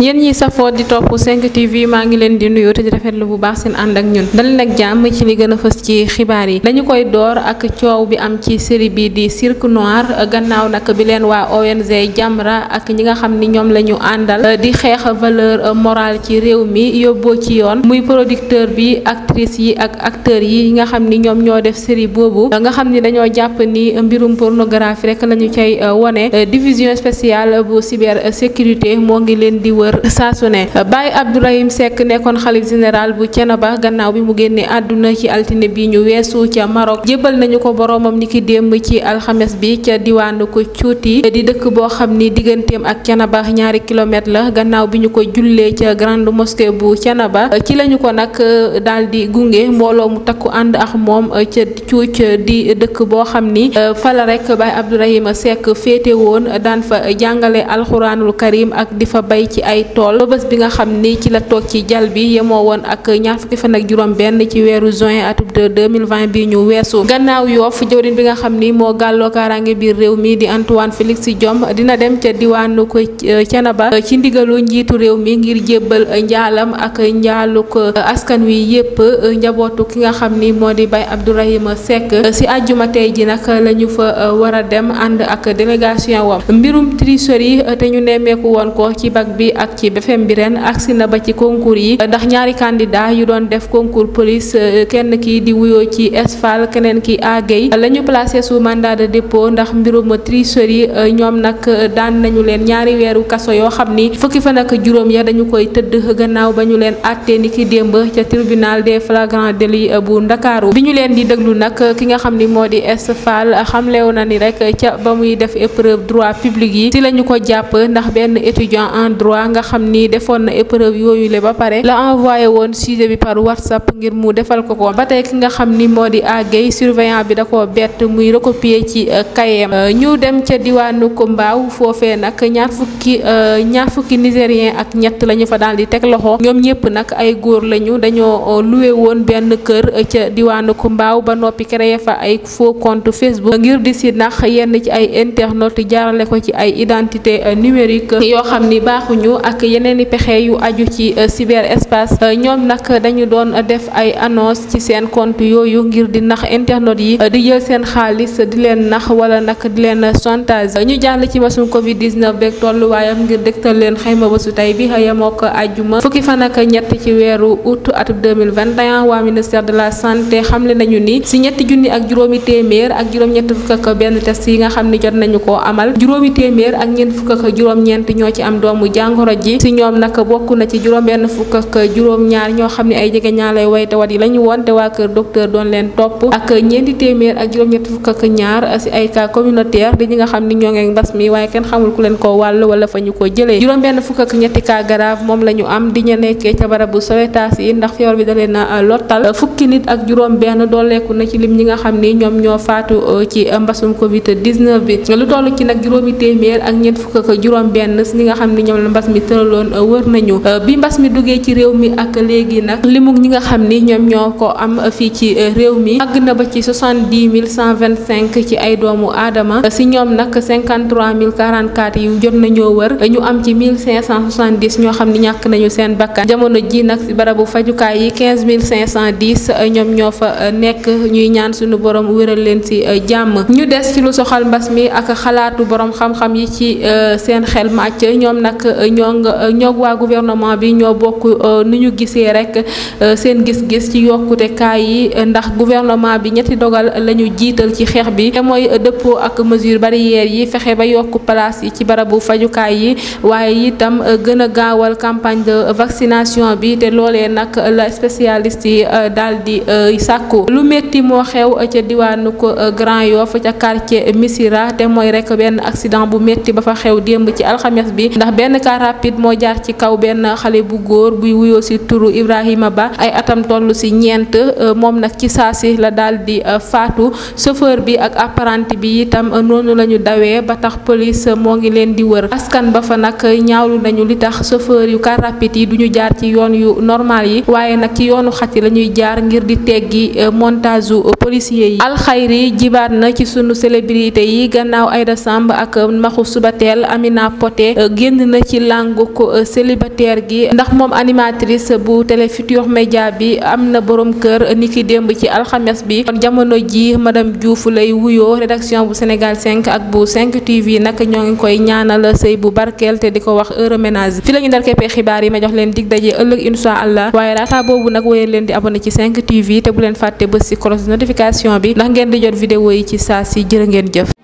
yéen ñi safoo di topp 5 TV maa ngi leen di nuyu te di rafetlu bu baax seen ànd ak ñun dalal nag jàmm ci li gën a fës ci xibaar yi dañu koy door ak coow bi am ci série bi di Cirque Noir gannaaw nag bi leen waa ONG Jamra ak ñi nga xam ni ñoom la ñu àndal di xeex a valeur morale ci réew mi yóbboo ci yoon muy producteur bi actrice yi ak acteurs yi nga xam ni ñoom ñoo def série boobu nga xam ni dañoo jàpp ni mbirum pornographie rek la ñu cay eh, wone division spéciale bu cybersécurité moo ngi leen kër saa su ne Baye Abdourahim Seck nekkoon xalif général bu Thiénaba gannaaw bi mu génnee àdduna ci altine bi ñu weesu ca Maroc jébbal nañu ko boroomam ni ki démb ci alxames bi ca diwaan ko cuuti di dëkk boo xam ni digganteem ak Thiénaba ñaari kilomètre la gannaaw bi ñu ko jullee ca grande mosquée bu Thiénaba ci lañu ko nag euh, daal di gunge mbooloo mu takku ànd ak moom euh, ca cuuc euh, di dëkk boo xam ni fala rek Baye Abdourahim Seck féete woon daan fa jàngale alxuraanul karim ay tool ba bés bi nga xam ni ci la toog ci jal bi yemoo woon ak ñaar fukki fan ak juróom benn ci weeru juin atub de 2020 bi ñu weesu gannaaw yoof jëwriñ bi nga xam ni moo gàlloo kaaraange biir réew mi ca diwaanu ko euh, euh, ci ndigalu njiitu réew mi ngir jébbal euh, njaalam ak njaaluk askan wi yépp njabootu ki nga xam ni moo di Baye Abdourahima Seck si àjjuma tey ji nag la ñu fa war a dem ànd ak délégation wam mbirum tricherie te ñu nemmeeku woon ko ci bag bi ak nag ci BFM bi ren agsi na ba ci concours yi ndax ñaari candidat yu doon def concours police euh, kenn kii di wuyoo ci Esfal keneen ki Agey la ñu placé sous mandat de dépôt ndax mbirum tricherie euh, ñoom nag euh, daan nañu leen ñaari weeru kaso yoo xam ni fukki fa ak juróom ya dañu koy tëdd gannaaw ba ñu leen àttee ni ki démb ca tribunal des flagrants délits bu Ndakaaru bi ñu leen di déglu nag ki nga xam ni moo di Esfal xamlew na ni rek ca ba muy def épreuve droit yi si lañu ko jàpp nga xam ni defoon na épreuve yooyu ba pare la envoyé woon sujet bi par whatsapp ngir mu defal ko ko ba tey ki nga xam ni moo di àggay surveillant bi da koo bett muy recopier ci kayem euh, euh, ñu dem ca diwaanu ko mbaaw foofee nag ñaar fukki euh, ñaar fukki nigérien ak ñett lañu fa daal di teg loxo ñoom ñëpp nag ay góor lañu dañoo loué woon benn kër ca diwaanu ko mbaaw ba noppi créé fa ay faux compte facebook ngir di si nax yenn ci ay internautes jaarale ko ci ay identité numérique ak yeneen i pexe yu aju ci euh, espace euh, ñoom nag dañu doon def ay annonce ci seen compte yooyu ngir di nax internet yi euh, di jël seen xaalis di leen nax wala nag di leen chantage ñu jàll ci basum covid 19 beeg tolluwaayam ngir dégtal leen xayma basu tey bi yemoo ko ajjuma fukki fan ak ñett ci weeru août atum 2021 waa ministère de la santé xamle nañu ni si ñetti junni ak juróomi téeméer ak juróom-ñett fukk ak benn test yi nga xam ni jot nañu ko amal juróomi téeméer ak ñeent fukk ñoo ci am doomu jàngoro jamono ji si ñoom nag bokk na ci juróom benn fukk ak juróom ñaar ñoo xam ne ay jege ñaa di ñi nga xam benn fukk ak a na ci lim ñi nga xam ni ñoom ñoo faatu uh, ci mbasum covid bi lu toll ci nag juróomi téeméer ak ñeent fukk ak juróom benn si ñi nga xam ni ñoom la mbas mi bi tëraloon euh, wër nañu euh, bi mbas mi duggee ci réew mi ak léegi nag limu ñi nga xam ni ñoom ñoo ko am euh, fii ci réew mi àgg na ba ci soixante dix mille cent vingt cinq ci ay doomu aadama si ñoom nag cinquante mille quarante quatre yu jot nañoo wër ñu am ci cinq cent soixante dix ñoo xam ni ñàkk nañu seen bakkan jamono ji nag barabu fajukaay yi quinze mille cinq cent dix ñoom ñoo fa nekk ñuy ñaan suñu borom wéral leen si jàmm ñu des ci mbas mi ak xalaatu boroom xam-xam yi ci seen xel màcc ñoom nag ñoo ñoo euh, ñoog waa guvernement bi ñoo bokk euh, ni ñu gisee rek euh, seen gis-gis ci yokkute kaay yi ndax gouvernement bi ñetti dogal la ñu jiital ci xeex bi te mooy dëppoo ak mesure barrière yi fexe ba yokk place yi ci barabu fajukaay yi waaye itam gën a gaawal campagne de vaccination bi te loolee nag la spécialiste yi daal di sàkku lu métti moo xew ca diwaanu ko Grand Yoff ca quartier Missira te mooy rek benn accident bu métti ba fa xew démb ci alxames bi ndax benn car rapide moo jaar ci kaw benn xale bu góor buy wuyoo si turu Ibrahima Ba ay atam toll si ñeent euh, moom nag ci saa si la daal di euh, faatu chauffeur bi ak apprenti bi itam euh, noonu la dawee ba tax police moo ngi leen di wër askan ba fa nag ñaawlu nañu li tax chauffeur yu car yi du ñu jaar ci yoon yu normal yi waaye nag ci yoonu xat yi lañuy jaar ngir di teggi montage u policier yi alxayri jibaat na ci sunu célébrité yi gannaaw Aïda Samb ak maxu subateel Amina Poté nangu ko euh, célibataire gi ndax moom animatrice bu télé Futurs Médias bi am na borom kër euh, ni ki démb ci alxames bi kon jamono ji madame Diouf lay wuyoo rédaction bu Sénégal 5 ak bu 5 TV nag ñoo ngi koy ñaanal sëy bu barkeel te di ko wax heure ménage fi la ñu xibaar yi ma jox leen dig daje ëllëg incha allah waaye laata boobu nag wéyal leen di abonné ci 5 TV te bu leen fàtte bës ci cloche notification bi ndax ngeen di jot vidéo yi ci saa si jërë ngeen jëf